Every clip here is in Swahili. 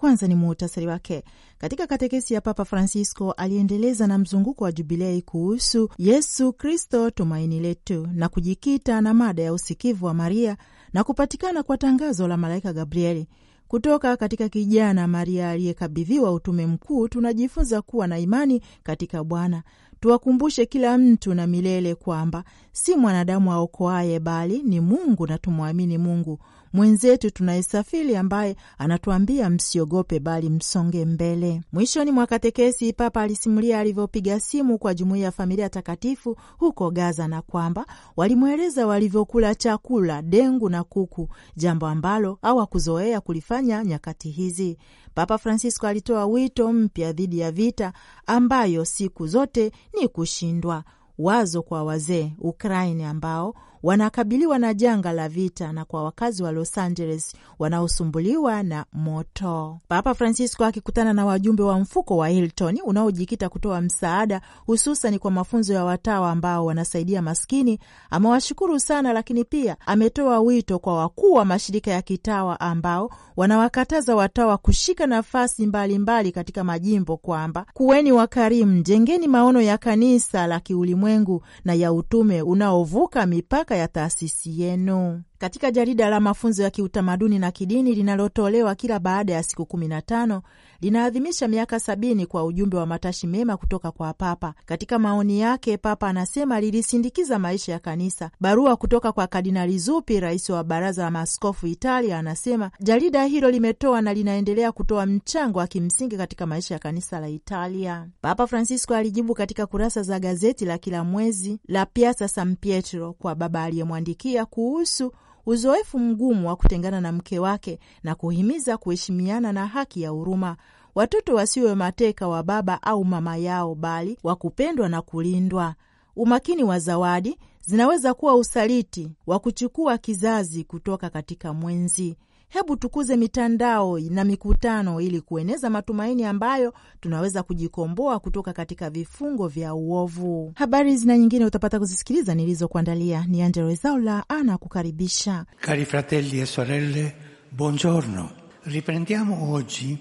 kwanza ni muhtasari wake. Katika katekesi ya Papa Francisco aliendeleza na mzunguko wa Jubilei kuhusu Yesu Kristo tumaini letu, na kujikita na mada ya usikivu wa Maria na kupatikana kwa tangazo la malaika Gabrieli. Kutoka katika kijana Maria aliyekabidhiwa utume mkuu, tunajifunza kuwa na imani katika Bwana. Tuwakumbushe kila mtu na milele kwamba si mwanadamu aokoaye, bali ni Mungu, na tumwamini Mungu mwenzetu tunayesafiri ambaye anatuambia msiogope, bali msonge mbele. Mwishoni mwa katekesi, Papa alisimulia alivyopiga simu kwa jumuiya ya familia takatifu huko Gaza na kwamba walimweleza walivyokula chakula dengu na kuku, jambo ambalo hawakuzoea kulifanya nyakati hizi. Papa Francisco alitoa wito mpya dhidi ya vita ambayo siku zote ni kushindwa, wazo kwa wazee Ukraini ambao wanakabiliwa na janga la vita na kwa wakazi wa Los Angeles wanaosumbuliwa na moto. Papa Francisco akikutana na wajumbe wa mfuko wa Hilton unaojikita kutoa msaada hususan kwa mafunzo ya watawa ambao wanasaidia maskini, amewashukuru sana, lakini pia ametoa wito kwa wakuu wa mashirika ya kitawa ambao wanawakataza watawa kushika nafasi mbalimbali mbali katika majimbo kwamba kuweni wakarimu, jengeni maono ya kanisa la kiulimwengu na ya utume unaovuka mipaka mamlaka ya taasisi yenu. Katika jarida la mafunzo ya kiutamaduni na kidini linalotolewa kila baada ya siku kumi na tano linaadhimisha miaka sabini kwa ujumbe wa matashi mema kutoka kwa Papa. Katika maoni yake, Papa anasema lilisindikiza maisha ya kanisa. Barua kutoka kwa Kardinali Zuppi, rais wa baraza la maaskofu Italia, anasema jarida hilo limetoa na linaendelea kutoa mchango wa kimsingi katika maisha ya kanisa la Italia. Papa Francisco alijibu katika kurasa za gazeti la kila mwezi la Piazza San Pietro kwa baba aliyemwandikia kuhusu uzoefu mgumu wa kutengana na mke wake na kuhimiza kuheshimiana na haki ya huruma, watoto wasiwe mateka wa baba au mama yao, bali wa kupendwa na kulindwa. Umakini wa zawadi zinaweza kuwa usaliti wa kuchukua kizazi kutoka katika mwenzi. Hebu tukuze mitandao na mikutano ili kueneza matumaini ambayo tunaweza kujikomboa kutoka katika vifungo vya uovu. Habari zina nyingine utapata kuzisikiliza nilizokuandalia. Ni Angelo Ezaula anakukaribisha. Cari fratelli e sorelle, buongiorno. Riprendiamo oggi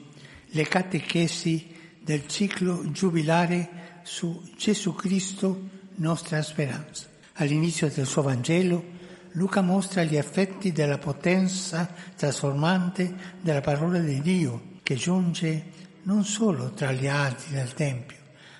le catechesi del ciclo giubilare su jesu Cristo, nostra speranza. All'inizio del suo Vangelo Luca mostra gli effetti della potenza trasformante della parola di Dio che giunge non solo tra gli altri del Tempio,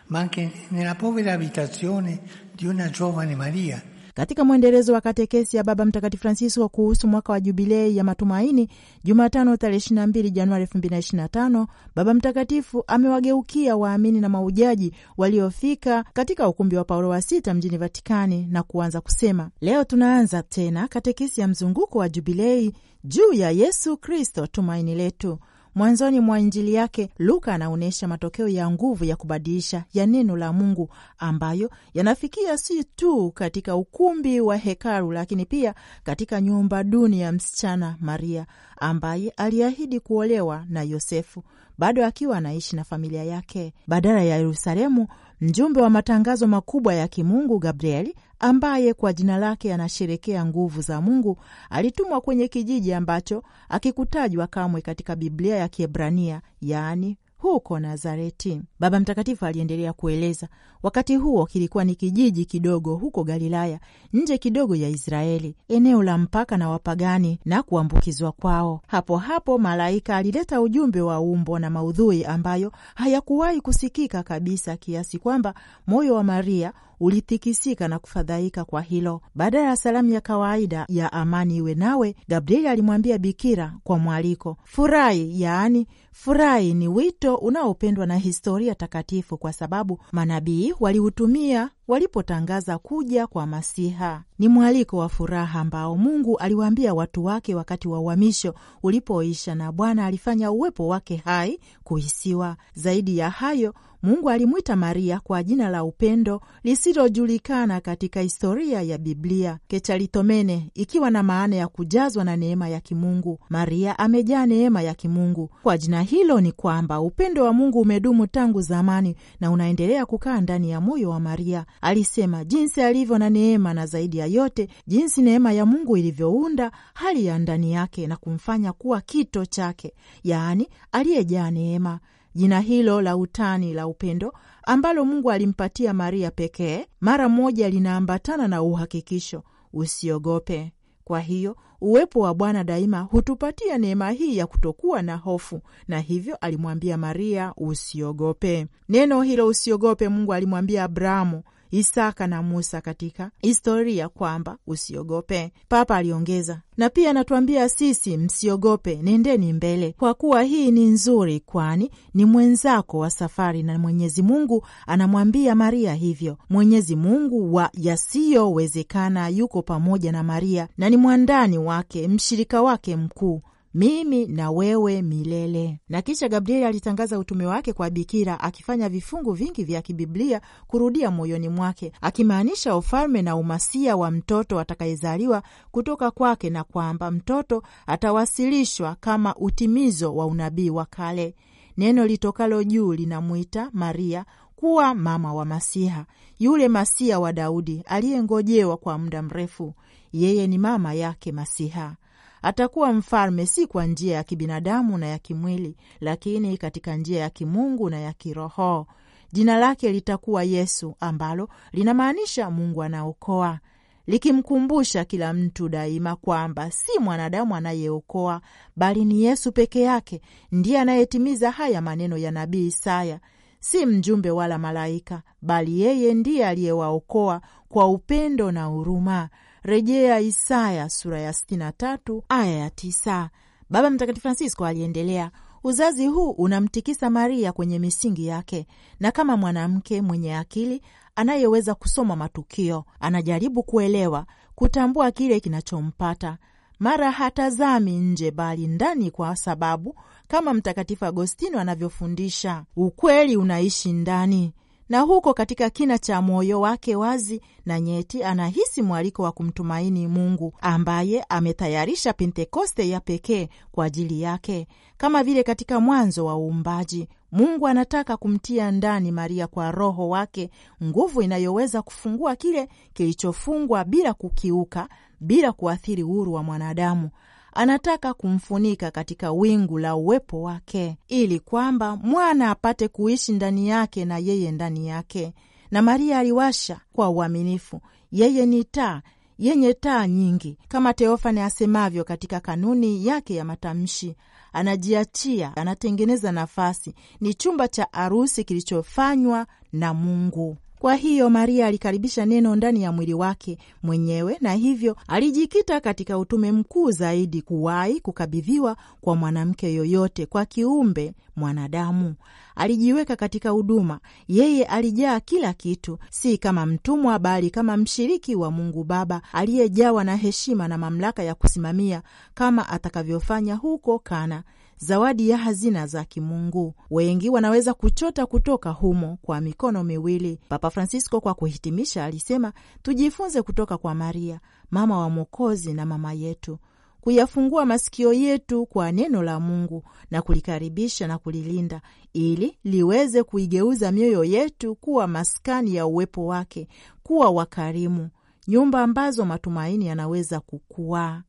ma anche nella povera abitazione di una giovane Maria Katika mwendelezo wa katekesi ya Baba Mtakatifu Francisco kuhusu mwaka wa jubilei ya matumaini, Jumatano tarehe 22 Januari 2025, Baba Mtakatifu amewageukia waamini na maujaji waliofika katika ukumbi wa Paulo wa Sita mjini Vatikani na kuanza kusema, leo tunaanza tena katekesi ya mzunguko wa jubilei juu ya Yesu Kristo tumaini letu Mwanzoni mwa Injili yake Luka anaonyesha matokeo ya nguvu ya kubadilisha ya neno la Mungu ambayo yanafikia si tu katika ukumbi wa hekalu, lakini pia katika nyumba duni ya msichana Maria ambaye aliahidi kuolewa na Yosefu bado akiwa anaishi na familia yake. Badala ya Yerusalemu, mjumbe wa matangazo makubwa ya kimungu Gabrieli ambaye kwa jina lake anasherekea nguvu za Mungu alitumwa kwenye kijiji ambacho akikutajwa kamwe katika Biblia ya Kiebrania, yaani huko Nazareti. Baba Mtakatifu aliendelea kueleza, wakati huo kilikuwa ni kijiji kidogo huko Galilaya, nje kidogo ya Israeli, eneo la mpaka na wapagani na kuambukizwa kwao. Hapo hapo malaika alileta ujumbe wa umbo na maudhui ambayo hayakuwahi kusikika kabisa, kiasi kwamba moyo wa Maria ulitikisika na kufadhaika kwa hilo. Baada ya salamu ya kawaida ya amani iwe nawe, Gabrieli alimwambia Bikira kwa mwaliko, furahi. Yaani, furahi ni wito unaopendwa na historia takatifu, kwa sababu manabii waliutumia walipotangaza kuja kwa Masiha. Ni mwaliko wa furaha ambao Mungu aliwaambia watu wake wakati wa uhamisho ulipoisha, na Bwana alifanya uwepo wake hai kuhisiwa. Zaidi ya hayo, Mungu alimwita Maria kwa jina la upendo lisilojulikana katika historia ya Biblia, Kechalitomene, ikiwa na maana ya kujazwa na neema ya kimungu. Maria amejaa neema ya kimungu. Kwa jina hilo ni kwamba upendo wa Mungu umedumu tangu zamani na unaendelea kukaa ndani ya moyo wa Maria Alisema jinsi alivyo na neema, na zaidi ya yote jinsi neema ya Mungu ilivyounda hali ya ndani yake na kumfanya kuwa kito chake, yaani aliyejaa neema. Jina hilo la utani la upendo ambalo Mungu alimpatia Maria pekee mara moja linaambatana na uhakikisho usiogope. Kwa hiyo uwepo wa Bwana daima hutupatia neema hii ya kutokuwa na hofu, na hivyo alimwambia Maria usiogope. Neno hilo usiogope, Mungu alimwambia Abrahamu Isaka na Musa katika historia kwamba usiogope. Papa aliongeza, na pia anatuambia sisi msiogope, nendeni mbele, kwa kuwa hii ni nzuri, kwani ni mwenzako wa safari. Na Mwenyezi Mungu anamwambia Maria hivyo. Mwenyezi Mungu wa yasiyowezekana yuko pamoja na Maria na ni mwandani wake, mshirika wake mkuu mimi na wewe milele. Na kisha Gabrieli alitangaza utume wake kwa Bikira, akifanya vifungu vingi vya kibiblia kurudia moyoni mwake, akimaanisha ufalme na umasia wa mtoto atakayezaliwa kutoka kwake, na kwamba mtoto atawasilishwa kama utimizo wa unabii wa kale. Neno litokalo juu linamwita Maria kuwa mama wa Masiha, yule Masiha wa Daudi aliyengojewa kwa muda mrefu. Yeye ni mama yake Masiha. Atakuwa mfalme si kwa njia ya kibinadamu na ya kimwili, lakini katika njia ya kimungu na ya kiroho. Jina lake litakuwa Yesu, ambalo linamaanisha Mungu anaokoa, likimkumbusha kila mtu daima kwamba si mwanadamu anayeokoa, bali ni Yesu peke yake ndiye anayetimiza haya maneno ya nabii Isaya: si mjumbe wala malaika, bali yeye ndiye aliyewaokoa kwa upendo na huruma. Rejea Isaya sura ya 63 aya ya 9. Baba Mtakatifu Francisco aliendelea, uzazi huu unamtikisa Maria kwenye misingi yake, na kama mwanamke mwenye akili anayeweza kusoma matukio, anajaribu kuelewa, kutambua kile kinachompata mara hatazami nje bali ndani, kwa sababu kama Mtakatifu Agostino anavyofundisha, ukweli unaishi ndani na huko katika kina cha moyo wake wazi na nyeti anahisi mwaliko wa kumtumaini Mungu ambaye ametayarisha Pentekoste ya pekee kwa ajili yake. Kama vile katika mwanzo wa uumbaji, Mungu anataka kumtia ndani Maria kwa Roho wake nguvu inayoweza kufungua kile kilichofungwa bila kukiuka, bila kuathiri uhuru wa mwanadamu anataka kumfunika katika wingu la uwepo wake, ili kwamba mwana apate kuishi ndani yake na yeye ndani yake. Na Maria aliwasha kwa uaminifu, yeye ni taa yenye taa nyingi, kama Teofani asemavyo katika kanuni yake ya matamshi. Anajiachia, anatengeneza nafasi, ni chumba cha arusi kilichofanywa na Mungu. Kwa hiyo Maria alikaribisha neno ndani ya mwili wake mwenyewe, na hivyo alijikita katika utume mkuu zaidi kuwahi kukabidhiwa kwa mwanamke yoyote, kwa kiumbe mwanadamu. Alijiweka katika huduma. Yeye alijaa kila kitu, si kama mtumwa, bali kama mshiriki wa Mungu Baba aliyejawa na heshima na mamlaka ya kusimamia kama atakavyofanya huko Kana zawadi ya hazina za kimungu. Wengi wanaweza kuchota kutoka humo kwa mikono miwili. Papa Francisco, kwa kuhitimisha, alisema tujifunze kutoka kwa Maria, mama wa Mwokozi na mama yetu kuyafungua masikio yetu kwa neno la Mungu na kulikaribisha na kulilinda ili liweze kuigeuza mioyo yetu kuwa maskani ya uwepo wake, kuwa wakarimu, nyumba ambazo matumaini yanaweza kukua.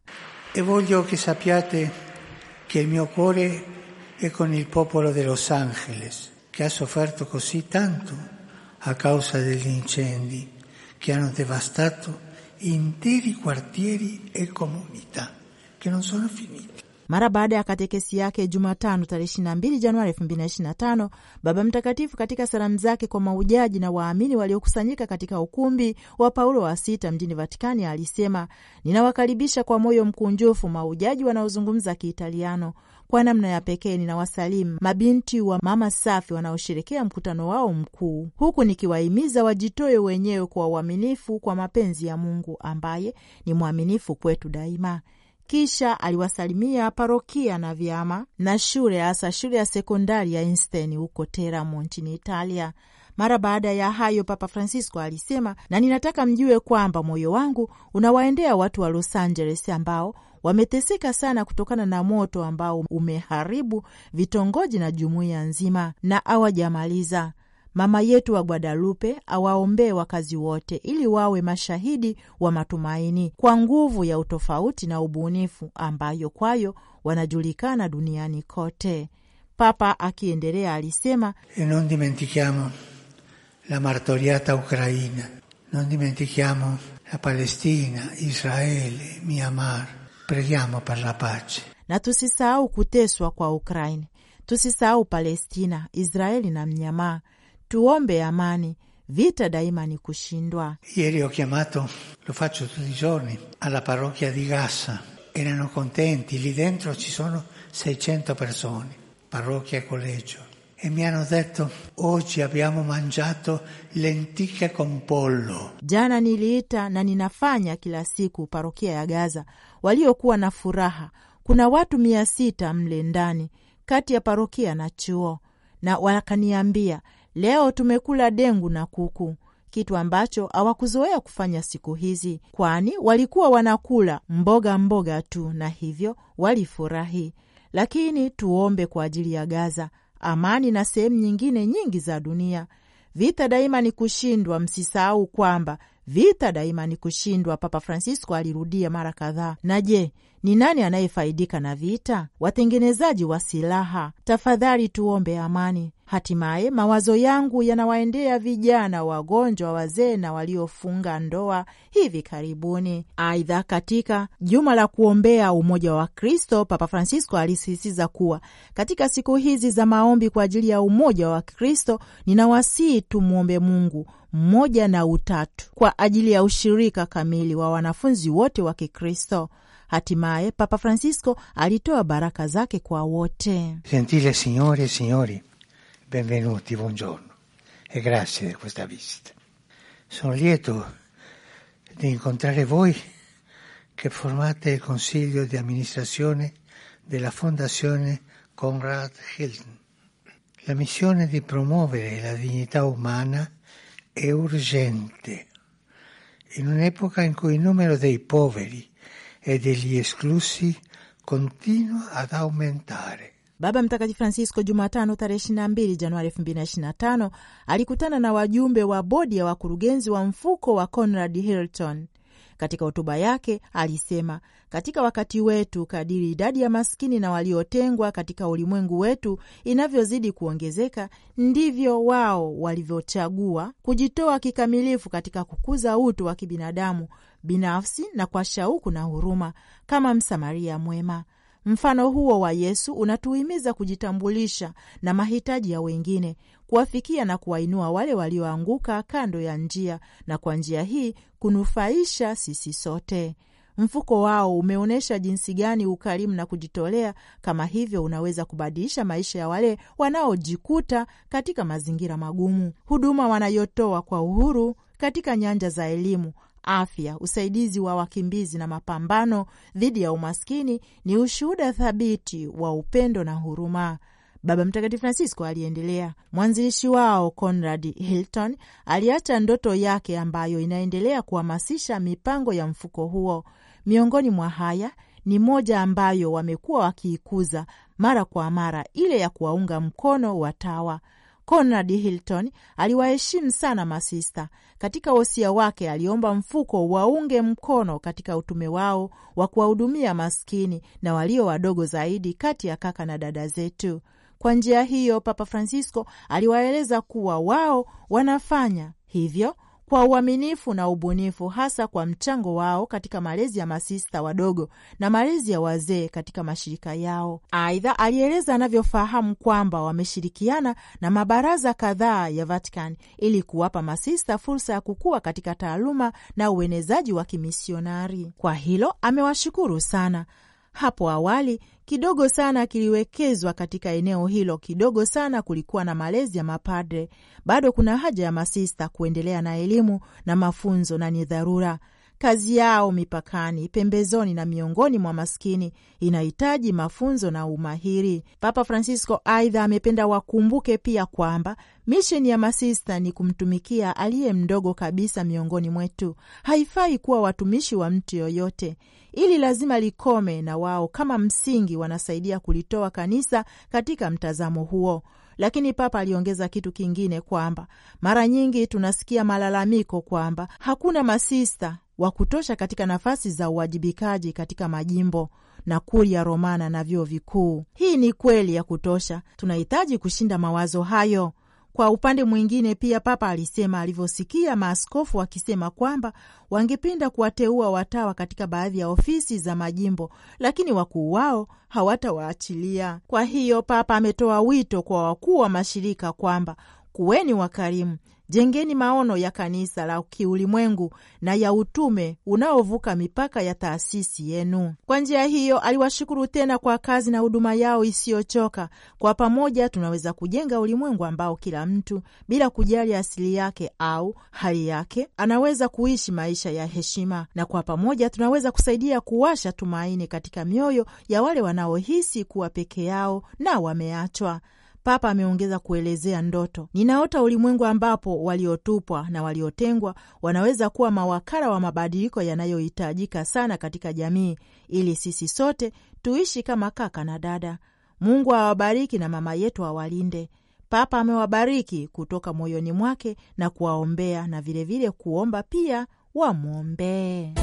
E voglio che sappiate che il mio cuore è con il popolo de Los Angeles, che ha sofferto così tanto a causa degli incendi che hanno devastato interi quartieri e comunità che non sono finiti. Mara baada ya katekesi yake Jumatano tarehe 22 Januari 2025, Baba Mtakatifu katika salamu zake kwa maujaji na waamini waliokusanyika katika ukumbi wa Paulo wa Sita mjini Vatikani alisema, ninawakaribisha kwa moyo mkunjufu maujaji wanaozungumza Kiitaliano. Kwa namna ya pekee ninawasalimu mabinti wa Mama Safi wanaoshirikia mkutano wao mkuu, huku nikiwahimiza wajitoe wenyewe kwa uaminifu kwa mapenzi ya Mungu ambaye ni mwaminifu kwetu daima. Kisha aliwasalimia parokia na vyama na shule, hasa shule ya sekondari ya insteni huko Teramo nchini Italia. Mara baada ya hayo, Papa Francisco alisema, na ninataka mjue kwamba moyo wangu unawaendea watu wa Los Angeles ambao wameteseka sana kutokana na moto ambao umeharibu vitongoji na jumuiya nzima, na awajamaliza Mama yetu wa Guadalupe awaombee wakazi wote ili wawe mashahidi wa matumaini kwa nguvu ya utofauti na ubunifu ambayo kwayo wanajulikana duniani kote. Papa akiendelea alisema, e non dimentichiamo la martoriata ukraina non dimentichiamo la Palestina, Israele, Myanmar, preghiamo per la pace. Na tusisahau kuteswa kwa Ukraini, tusisahau Palestina, Israeli na Myanmar. Tuombe amani. Vita daima ni kushindwa. Ieri ho chiamato, lo faccio tutti i giorni, alla parrocchia di Gassa. Erano contenti, lì dentro ci sono 600 persone, parrocchia e collegio. E mi hanno detto oggi abbiamo mangiato lenticchie con pollo. Jana niliita na ninafanya kila siku parokia ya Gaza, waliokuwa na furaha. Kuna watu mia sita mle ndani, kati ya parokia na chuo, na wakaniambia Leo tumekula dengu na kuku, kitu ambacho hawakuzoea kufanya siku hizi, kwani walikuwa wanakula mboga mboga tu, na hivyo walifurahi. Lakini tuombe kwa ajili ya Gaza, amani na sehemu nyingine nyingi za dunia. Vita daima ni kushindwa. Msisahau kwamba Vita daima ni kushindwa, Papa Francisco alirudia mara kadhaa. Na je, ni nani anayefaidika na vita? Watengenezaji wa silaha. Tafadhali tuombe amani. Hatimaye mawazo yangu yanawaendea vijana, wagonjwa, wazee na waliofunga ndoa hivi karibuni. Aidha, katika juma la kuombea umoja wa Kristo, Papa Francisco alisisitiza kuwa katika siku hizi za maombi kwa ajili ya umoja wa Kristo, ninawasihi tumwombe Mungu moja na utatu kwa ajili ya ushirika kamili wa wanafunzi wote wa Kikristo. Hatimaye Papa Francisco alitoa baraka zake kwa wote. Gentile signore e signori, benvenuti, buongiorno e grazie di questa visita. Sono lieto di incontrare voi che formate il consiglio di amministrazione della Fondazione Conrad Hilton. La missione di promuovere la dignità umana e urgente. In un'epoca in cui il numero dei poveri e degli esclusi continua ad aumentare. Baba Mtakatifu Francisco Jumatano tarehe 22 Januari 2025 alikutana na wajumbe wa bodi ya wakurugenzi wa mfuko wa Conrad Hilton katika hotuba yake alisema, katika wakati wetu, kadiri idadi ya maskini na waliotengwa katika ulimwengu wetu inavyozidi kuongezeka, ndivyo wao walivyochagua kujitoa kikamilifu katika kukuza utu wa kibinadamu binafsi na kwa shauku na huruma, kama Msamaria mwema. Mfano huo wa Yesu unatuhimiza kujitambulisha na mahitaji ya wengine, kuwafikia na kuwainua wale walioanguka kando ya njia, na kwa njia hii kunufaisha sisi sote. Mfuko wao umeonyesha jinsi gani ukarimu na kujitolea kama hivyo unaweza kubadilisha maisha ya wale wanaojikuta katika mazingira magumu. Huduma wanayotoa kwa uhuru katika nyanja za elimu, afya, usaidizi wa wakimbizi na mapambano dhidi ya umaskini ni ushuhuda thabiti wa upendo na huruma. Baba Mtakatifu Francisco aliendelea. Mwanzilishi wao Conrad Hilton aliacha ndoto yake ambayo inaendelea kuhamasisha mipango ya mfuko huo. Miongoni mwa haya ni moja ambayo wamekuwa wakiikuza mara kwa mara, ile ya kuwaunga mkono watawa Conrad Hilton aliwaheshimu sana masista. Katika wosia wake aliomba mfuko waunge mkono katika utume wao wa kuwahudumia maskini na walio wadogo zaidi kati ya kaka na dada zetu. Kwa njia hiyo, Papa Francisco aliwaeleza kuwa wao wanafanya hivyo kwa uaminifu na ubunifu, hasa kwa mchango wao katika malezi ya masista wadogo na malezi ya wazee katika mashirika yao. Aidha, alieleza anavyofahamu kwamba wameshirikiana na mabaraza kadhaa ya Vatican ili kuwapa masista fursa ya kukua katika taaluma na uenezaji wa kimisionari. Kwa hilo amewashukuru sana. Hapo awali kidogo sana kiliwekezwa katika eneo hilo kidogo sana, kulikuwa na malezi ya mapadre. Bado kuna haja ya masista kuendelea na elimu na mafunzo, na ni dharura. Kazi yao mipakani, pembezoni na miongoni mwa maskini inahitaji mafunzo na umahiri. Papa Francisco aidha amependa wakumbuke pia kwamba misheni ya masista ni kumtumikia aliye mdogo kabisa miongoni mwetu. Haifai kuwa watumishi wa mtu yoyote ili lazima likome, na wao kama msingi wanasaidia kulitoa kanisa katika mtazamo huo. Lakini Papa aliongeza kitu kingine kwamba mara nyingi tunasikia malalamiko kwamba hakuna masista wa kutosha katika nafasi za uwajibikaji katika majimbo na Kuria Romana na vyuo vikuu. Hii ni kweli ya kutosha, tunahitaji kushinda mawazo hayo. Kwa upande mwingine, pia Papa alisema alivyosikia maaskofu wakisema kwamba wangependa kuwateua watawa katika baadhi ya ofisi za majimbo, lakini wakuu wao hawatawaachilia. Kwa hiyo, Papa ametoa wito kwa wakuu wa mashirika kwamba kuweni wakarimu Jengeni maono ya kanisa la kiulimwengu na ya utume unaovuka mipaka ya taasisi yenu. Kwa njia hiyo, aliwashukuru tena kwa kazi na huduma yao isiyochoka. Kwa pamoja, tunaweza kujenga ulimwengu ambao kila mtu, bila kujali asili yake au hali yake, anaweza kuishi maisha ya heshima, na kwa pamoja tunaweza kusaidia kuwasha tumaini katika mioyo ya wale wanaohisi kuwa peke yao na wameachwa. Papa ameongeza kuelezea ndoto: ninaota ulimwengu ambapo waliotupwa na waliotengwa wanaweza kuwa mawakala wa mabadiliko yanayohitajika sana katika jamii, ili sisi sote tuishi kama kaka na dada. Mungu awabariki na mama yetu awalinde. Papa amewabariki kutoka moyoni mwake na kuwaombea na vilevile kuomba pia wamwombee.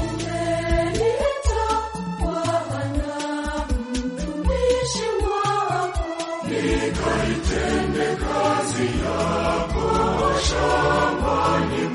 Katika kazi yako shambani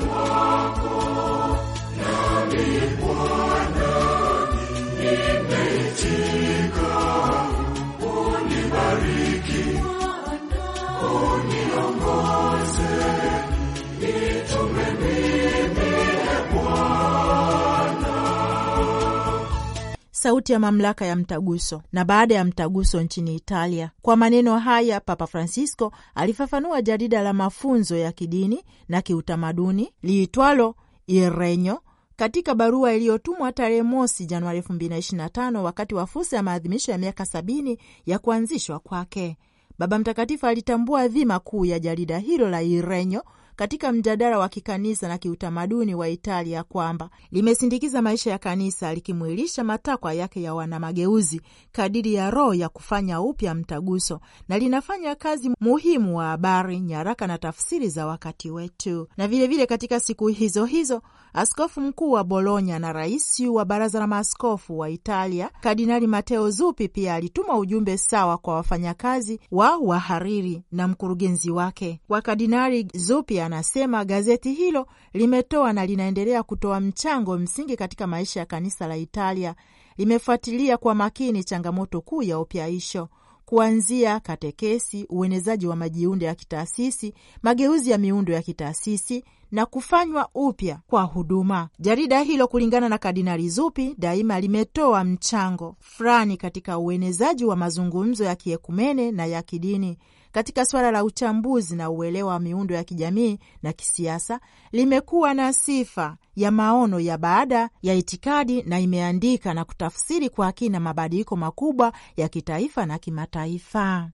sauti ya mamlaka ya mtaguso na baada ya mtaguso nchini Italia. Kwa maneno haya, Papa Francisco alifafanua jarida la mafunzo ya kidini na kiutamaduni liitwalo Irenyo katika barua iliyotumwa tarehe mosi Januari 2025 wakati wa fursa ya maadhimisho ya miaka sabini ya kuanzishwa kwake. Baba Mtakatifu alitambua dhima kuu ya jarida hilo la Irenyo katika mjadala wa kikanisa na kiutamaduni wa Italia kwamba limesindikiza maisha ya kanisa likimwilisha matakwa yake ya wanamageuzi kadiri ya roho ya kufanya upya mtaguso na linafanya kazi muhimu wa habari, nyaraka na tafsiri za wakati wetu. Na vilevile vile katika siku hizo hizo askofu mkuu wa Bologna na rais wa baraza la maaskofu wa Italia Kardinali Mateo Zuppi pia alituma ujumbe sawa kwa wafanyakazi wa wahariri na mkurugenzi wake Kwa Kardinali Zuppi anasema gazeti hilo limetoa na linaendelea kutoa mchango msingi katika maisha ya kanisa la Italia. Limefuatilia kwa makini changamoto kuu ya upyaisho kuanzia katekesi, uenezaji wa majiundo ya kitaasisi, mageuzi ya miundo ya kitaasisi na kufanywa upya kwa huduma. Jarida hilo, kulingana na Kardinali Zuppi, daima limetoa mchango fulani katika uenezaji wa mazungumzo ya kiekumene na ya kidini katika suala la uchambuzi na uelewa wa miundo ya kijamii na kisiasa limekuwa na sifa ya maono ya baada ya itikadi na imeandika na kutafsiri kwa kina mabadiliko makubwa ya kitaifa na kimataifa.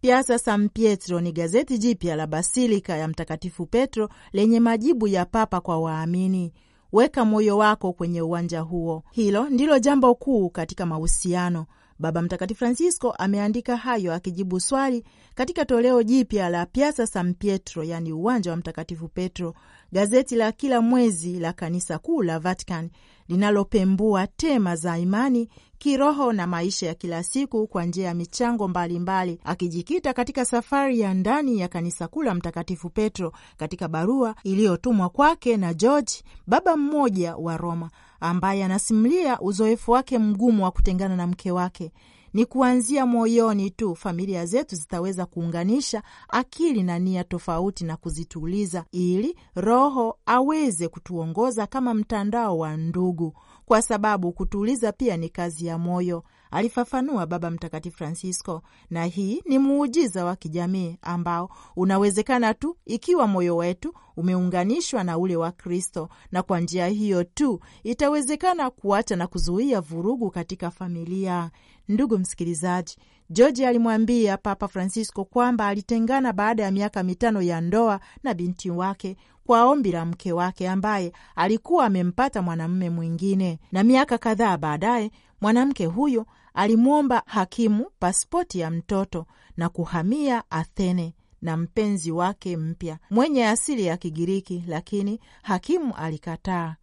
Piazza San Pietro ni gazeti jipya la Basilika ya Mtakatifu Petro lenye majibu ya Papa kwa waamini. Weka moyo wako kwenye uwanja huo. Hilo ndilo jambo kuu katika mahusiano. Baba Mtakatifu Francisco ameandika hayo akijibu swali katika toleo jipya la Piazza San Pietro, yaani uwanja wa Mtakatifu Petro, gazeti la kila mwezi la kanisa kuu la Vatican linalopembua tema za imani, kiroho na maisha ya kila siku kwa njia ya michango mbalimbali mbali, akijikita katika safari ya ndani ya kanisa kuu la Mtakatifu Petro katika barua iliyotumwa kwake na George, baba mmoja wa Roma ambaye anasimulia uzoefu wake mgumu wa kutengana na mke wake. Ni kuanzia moyoni tu familia zetu zitaweza kuunganisha akili na nia tofauti na kuzituliza, ili Roho aweze kutuongoza kama mtandao wa ndugu, kwa sababu kutuliza pia ni kazi ya moyo alifafanua Baba Mtakatifu Francisco, na hii ni muujiza wa kijamii ambao unawezekana tu ikiwa moyo wetu umeunganishwa na ule wa Kristo, na kwa njia hiyo tu itawezekana kuacha na kuzuia vurugu katika familia. Ndugu msikilizaji, George alimwambia Papa Francisco kwamba alitengana baada ya miaka mitano ya ndoa na binti wake kwa ombi la mke wake ambaye alikuwa amempata mwanamume mwingine, na miaka kadhaa baadaye mwanamke huyo alimwomba hakimu pasipoti ya mtoto na kuhamia Athene na mpenzi wake mpya mwenye asili ya Kigiriki, lakini hakimu alikataa.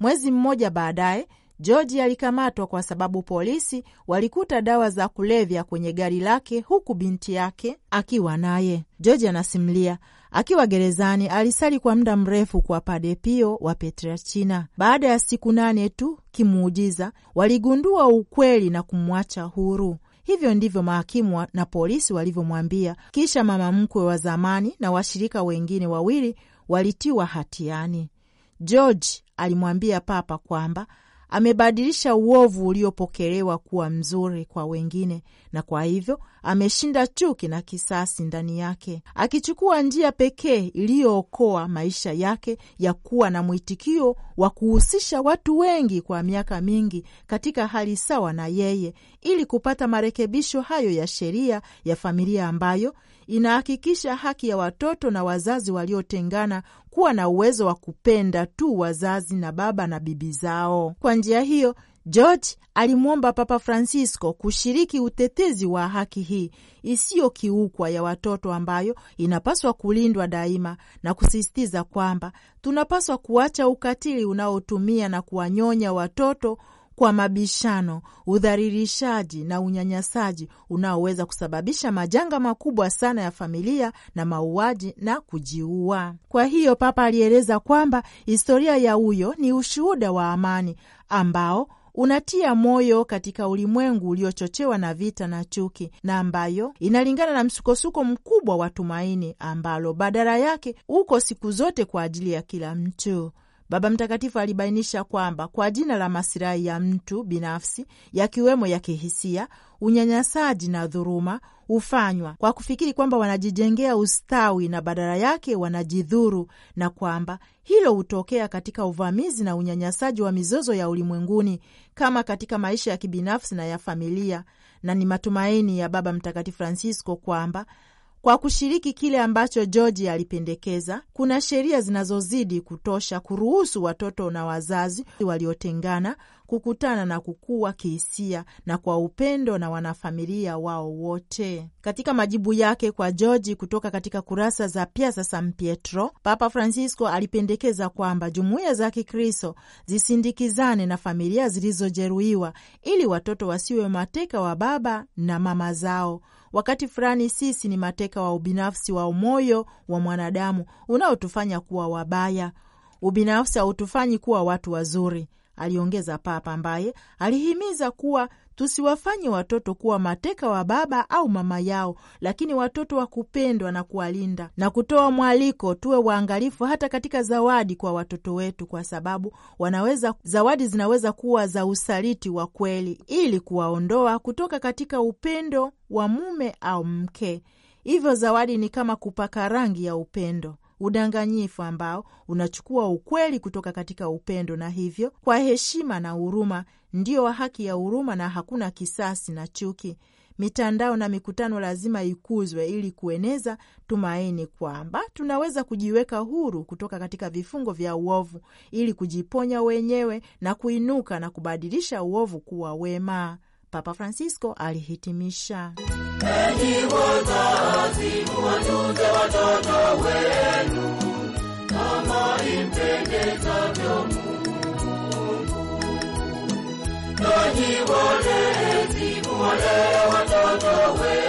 Mwezi mmoja baadaye, George alikamatwa kwa sababu polisi walikuta dawa za kulevya kwenye gari lake huku binti yake akiwa naye. George anasimulia Akiwa gerezani alisali kwa muda mrefu kwa Padre Pio wa Pietrelcina. Baada ya siku nane tu, kimuujiza waligundua ukweli na kumwacha huru. Hivyo ndivyo mahakimu na polisi walivyomwambia. Kisha mama mkwe wa zamani na washirika wengine wawili walitiwa hatiani. George alimwambia Papa kwamba amebadilisha uovu uliopokelewa kuwa mzuri kwa wengine, na kwa hivyo ameshinda chuki na kisasi ndani yake, akichukua njia pekee iliyookoa maisha yake ya kuwa na mwitikio wa kuhusisha watu wengi kwa miaka mingi katika hali sawa na yeye, ili kupata marekebisho hayo ya sheria ya familia ambayo inahakikisha haki ya watoto na wazazi waliotengana kuwa na uwezo wa kupenda tu wazazi na baba na bibi zao. Kwa njia hiyo George alimwomba Papa Francisco kushiriki utetezi wa haki hii isiyokiukwa ya watoto ambayo inapaswa kulindwa daima na kusisitiza kwamba tunapaswa kuacha ukatili unaotumia na kuwanyonya watoto kwa mabishano, udhalilishaji na unyanyasaji unaoweza kusababisha majanga makubwa sana ya familia na mauaji na kujiua. Kwa hiyo Papa alieleza kwamba historia ya huyo ni ushuhuda wa amani ambao unatia moyo katika ulimwengu uliochochewa na vita na chuki na ambayo inalingana na msukosuko mkubwa wa tumaini ambalo badala yake uko siku zote kwa ajili ya kila mtu. Baba Mtakatifu alibainisha kwamba kwa jina la masilahi ya mtu binafsi, yakiwemo ya kihisia, unyanyasaji na dhuruma hufanywa kwa kufikiri kwamba wanajijengea ustawi na badala yake wanajidhuru, na kwamba hilo hutokea katika uvamizi na unyanyasaji wa mizozo ya ulimwenguni kama katika maisha ya kibinafsi na ya familia, na ni matumaini ya Baba Mtakatifu Francisco kwamba kwa kushiriki kile ambacho George alipendekeza. Kuna sheria zinazozidi kutosha kuruhusu watoto na wazazi waliotengana kukutana na kukua kihisia na kwa upendo na wanafamilia wao wote. Katika majibu yake kwa George kutoka katika kurasa za Piazza San Pietro, Papa Francisco alipendekeza kwamba jumuiya za Kikristo zisindikizane na familia zilizojeruhiwa ili watoto wasiwe mateka wa baba na mama zao Wakati fulani sisi ni mateka wa ubinafsi wa moyo wa mwanadamu unaotufanya kuwa wabaya. Ubinafsi hautufanyi kuwa watu wazuri, aliongeza Papa, ambaye alihimiza kuwa tusiwafanye watoto kuwa mateka wa baba au mama yao, lakini watoto wa kupendwa na kuwalinda, na kutoa mwaliko tuwe waangalifu hata katika zawadi kwa watoto wetu, kwa sababu wanaweza, zawadi zinaweza kuwa za usaliti wa kweli, ili kuwaondoa kutoka katika upendo wa mume au mke. Hivyo zawadi ni kama kupaka rangi ya upendo udanganyifu ambao unachukua ukweli kutoka katika upendo, na hivyo kwa heshima na huruma ndio wa haki ya huruma, na hakuna kisasi na chuki. Mitandao na mikutano lazima ikuzwe ili kueneza tumaini kwamba tunaweza kujiweka huru kutoka katika vifungo vya uovu ili kujiponya wenyewe na kuinuka na kubadilisha uovu kuwa wema. Papa Francisco alihitimisha, enyi wazazi, watunze watoto wenu kama impendezavyo Mungu, nanyi walezi, muwalee watoto wenu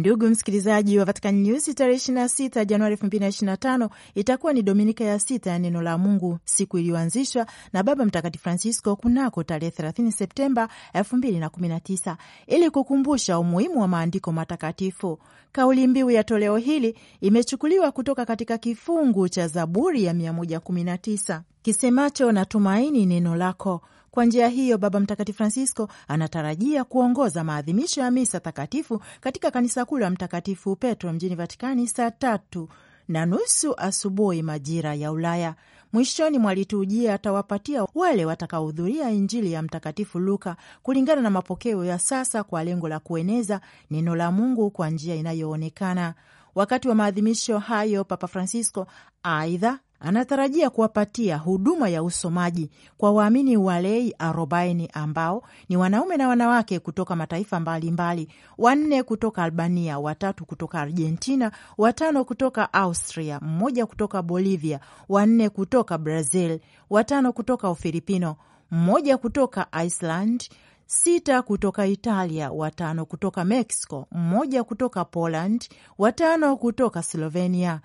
Ndugu msikilizaji wa Vatican News, tarehe 26 Januari 2025 itakuwa ni dominika ya sita ya neno la Mungu, siku iliyoanzishwa na Baba Mtakatifu Francisco kunako tarehe 30 Septemba 2019 ili kukumbusha umuhimu wa maandiko matakatifu. Kauli mbiu ya toleo hili imechukuliwa kutoka katika kifungu cha Zaburi ya 119 kisemacho, natumaini neno lako. Kwa njia hiyo, Baba Mtakatifu Francisco anatarajia kuongoza maadhimisho ya misa takatifu katika kanisa kuu la Mtakatifu Petro mjini Vatikani saa tatu na nusu asubuhi majira ya Ulaya. Mwishoni mwa liturujia atawapatia wale watakaohudhuria Injili ya Mtakatifu Luka kulingana na mapokeo ya sasa kwa lengo la kueneza neno la Mungu kwa njia inayoonekana. Wakati wa maadhimisho hayo, Papa Francisco aidha Anatarajia kuwapatia huduma ya usomaji kwa waamini walei arobaini ambao ni wanaume na wanawake kutoka mataifa mbalimbali mbali: wanne kutoka Albania, watatu kutoka Argentina, watano kutoka Austria, mmoja kutoka Bolivia, wanne kutoka Brazil, watano kutoka Ufilipino, mmoja kutoka Iceland, sita kutoka Italia, watano kutoka Mexico, mmoja kutoka Poland, watano kutoka Slovenia,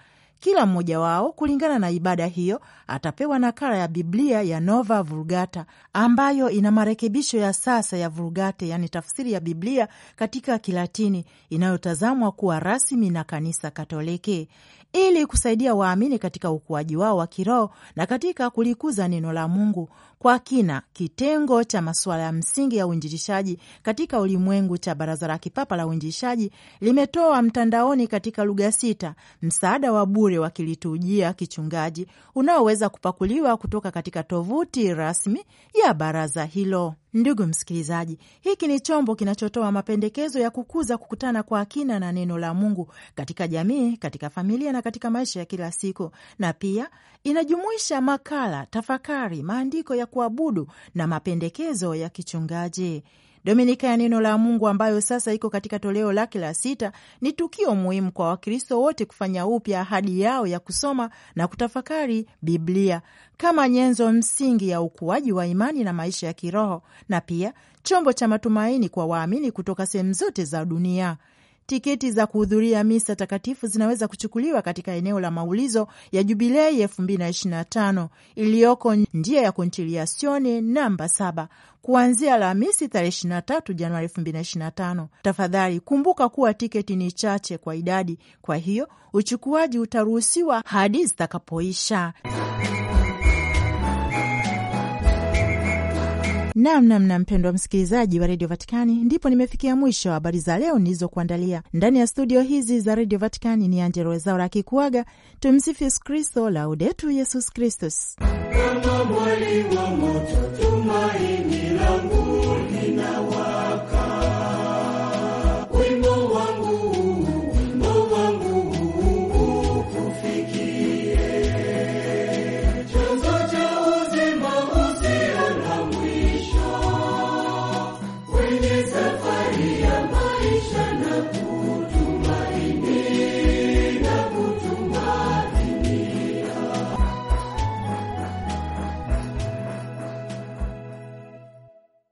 kila mmoja wao kulingana na ibada hiyo atapewa nakala ya Biblia ya Nova Vulgata ambayo ina marekebisho ya sasa ya Vulgate, yaani tafsiri ya Biblia katika Kilatini inayotazamwa kuwa rasmi na Kanisa Katoliki ili kusaidia waamini katika ukuaji wao wa kiroho na katika kulikuza neno la Mungu kwa kina. Kitengo cha masuala ya msingi ya uinjilishaji katika ulimwengu cha Baraza la Kipapa la Uinjilishaji limetoa mtandaoni katika lugha sita msaada wa bure wa kiliturujia kichungaji unaoweza kupakuliwa kutoka katika tovuti rasmi ya baraza hilo. Ndugu msikilizaji, hiki ni chombo kinachotoa mapendekezo ya kukuza kukutana kwa akina na neno la Mungu katika jamii, katika familia na katika maisha ya kila siku, na pia inajumuisha makala, tafakari, maandiko ya kuabudu na mapendekezo ya kichungaji. Dominika ya Neno la Mungu ambayo sasa iko katika toleo lake la sita ni tukio muhimu kwa Wakristo wote kufanya upya ahadi yao ya kusoma na kutafakari Biblia kama nyenzo msingi ya ukuaji wa imani na maisha ya kiroho na pia chombo cha matumaini kwa waamini kutoka sehemu zote za dunia. Tiketi za kuhudhuria misa takatifu zinaweza kuchukuliwa katika eneo la maulizo ya Jubilei 2025 iliyoko njia ya Kontiliasioni namba 7 kuanzia Alhamisi tarehe 23 Januari 2025. Tafadhali kumbuka kuwa tiketi ni chache kwa idadi, kwa hiyo uchukuaji utaruhusiwa hadi zitakapoisha. Namnamna mpendwa msikilizaji wa redio Vatikani, ndipo nimefikia mwisho wa habari za leo nilizokuandalia ndani ya studio hizi za redio Vatikani. Ni Angelo Wezaura akikuaga. Tumsifu Yesu Kristo, laudetu Yesus Kristus.